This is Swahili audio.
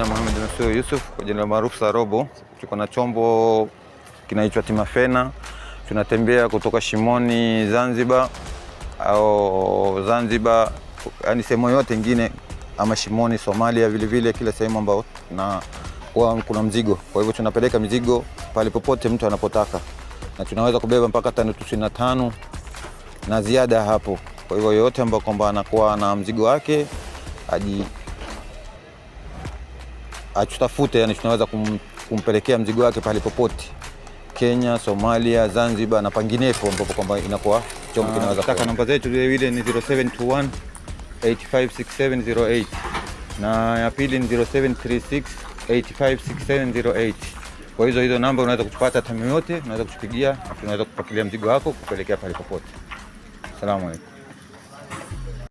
Jina Mohamed Nusuru Yusuf kwa jina maarufu Sarobo. Tuko na chombo kinaitwa Timafena, tunatembea kutoka Shimoni Zanzibar au Zanzibar, yani sehemu yote ingine ama Shimoni Somalia vilevile vile, kila sehemu ambao na kwa kuna mzigo. Kwa hivyo tunapeleka mzigo pale popote mtu anapotaka, na tunaweza kubeba mpaka tani tisini na tano na ziada hapo. Kwa hivyo yote ambao kwamba anakuwa na mzigo wake aji achutafute, yani tunaweza kum, kumpelekea mzigo wake pale popote Kenya, Somalia, Zanzibar na panginepo ambapo kwamba inakuwa chombo ah, kinaweza kutaka. Namba zetu vile vile ni 0721 856708 na ya pili ni 0736 856708. Kwa hizo hizo namba unaweza kutupata tamu yote, unaweza kutupigia, tunaweza kupakilia mzigo wako kupelekea pale popote. Asalamu alaykum.